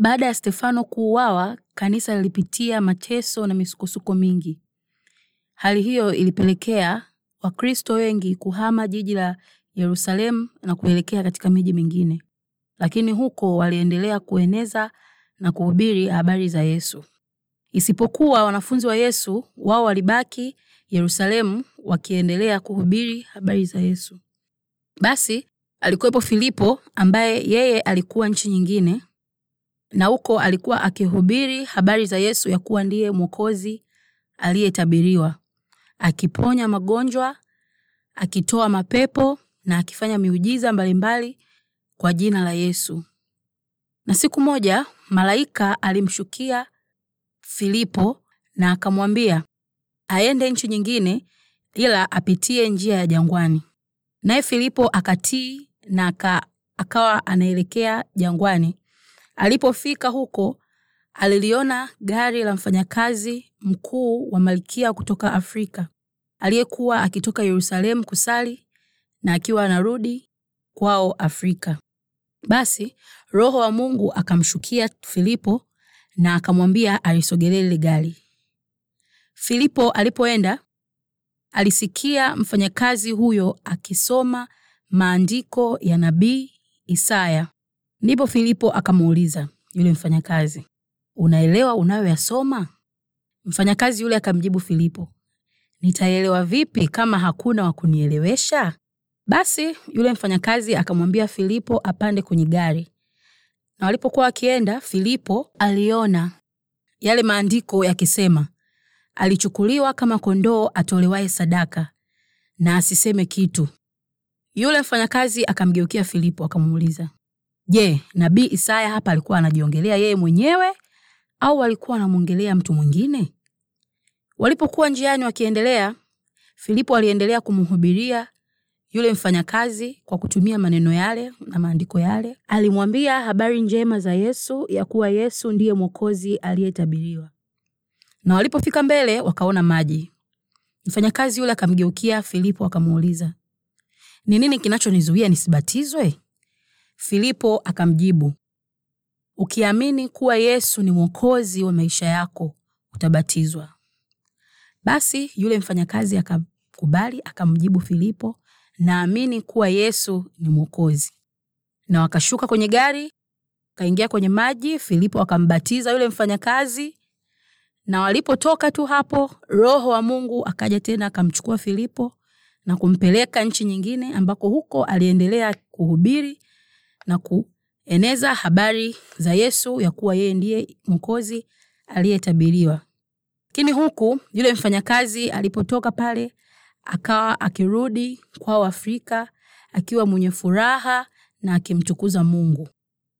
Baada ya Stefano kuuawa, kanisa lilipitia mateso na misukosuko mingi. Hali hiyo ilipelekea Wakristo wengi kuhama jiji la Yerusalemu na kuelekea katika miji mingine, lakini huko waliendelea kueneza na kuhubiri habari za Yesu. Isipokuwa wanafunzi wa Yesu, wao walibaki Yerusalemu wakiendelea kuhubiri habari za Yesu. Basi alikuwepo Filipo ambaye yeye alikuwa nchi nyingine na huko alikuwa akihubiri habari za Yesu ya kuwa ndiye mwokozi aliyetabiriwa, akiponya magonjwa, akitoa mapepo na akifanya miujiza mbalimbali kwa jina la Yesu. Na siku moja malaika alimshukia Filipo na akamwambia aende nchi nyingine, ila apitie njia ya jangwani. Naye Filipo akatii na aka, akawa anaelekea jangwani Alipofika huko aliliona gari la mfanyakazi mkuu wa malkia kutoka Afrika aliyekuwa akitoka Yerusalemu kusali na akiwa anarudi kwao Afrika. Basi Roho wa Mungu akamshukia Filipo na akamwambia alisogelee lile gari. Filipo alipoenda alisikia mfanyakazi huyo akisoma maandiko ya nabii Isaya Ndipo Filipo akamuuliza yule mfanyakazi, unaelewa unayoyasoma? Mfanyakazi yule akamjibu Filipo, nitaelewa vipi kama hakuna wa kunielewesha? Basi yule mfanyakazi akamwambia Filipo apande kwenye gari, na walipokuwa wakienda, Filipo aliona yale maandiko yakisema, alichukuliwa kama kondoo atolewaye sadaka na asiseme kitu. Yule mfanyakazi akamgeukia Filipo akamuuliza, Je, nabii Isaya hapa alikuwa anajiongelea yeye mwenyewe au alikuwa anamwongelea mtu mwingine? Walipokuwa njiani wakiendelea, Filipo aliendelea kumhubiria yule mfanyakazi kwa kutumia maneno yale na maandiko yale. Alimwambia habari njema za Yesu, ya kuwa Yesu ndiye Mwokozi aliyetabiriwa. Na walipofika mbele, wakaona maji. Mfanyakazi yule akamgeukia Filipo akamuuliza, ni nini kinachonizuia nisibatizwe? Filipo akamjibu, ukiamini kuwa Yesu ni mwokozi wa maisha yako utabatizwa. Basi yule mfanyakazi akakubali, akamjibu Filipo, naamini kuwa Yesu ni mwokozi. Na wakashuka kwenye gari, kaingia kwenye maji, Filipo akambatiza yule mfanyakazi. Na walipotoka tu hapo, Roho wa Mungu akaja tena akamchukua Filipo na kumpeleka nchi nyingine, ambako huko aliendelea kuhubiri na kueneza habari za Yesu ya kuwa yeye ndiye mkozi aliyetabiriwa. Lakini huku yule mfanyakazi alipotoka pale, akawa akirudi kwao Afrika akiwa mwenye furaha na akimtukuza Mungu.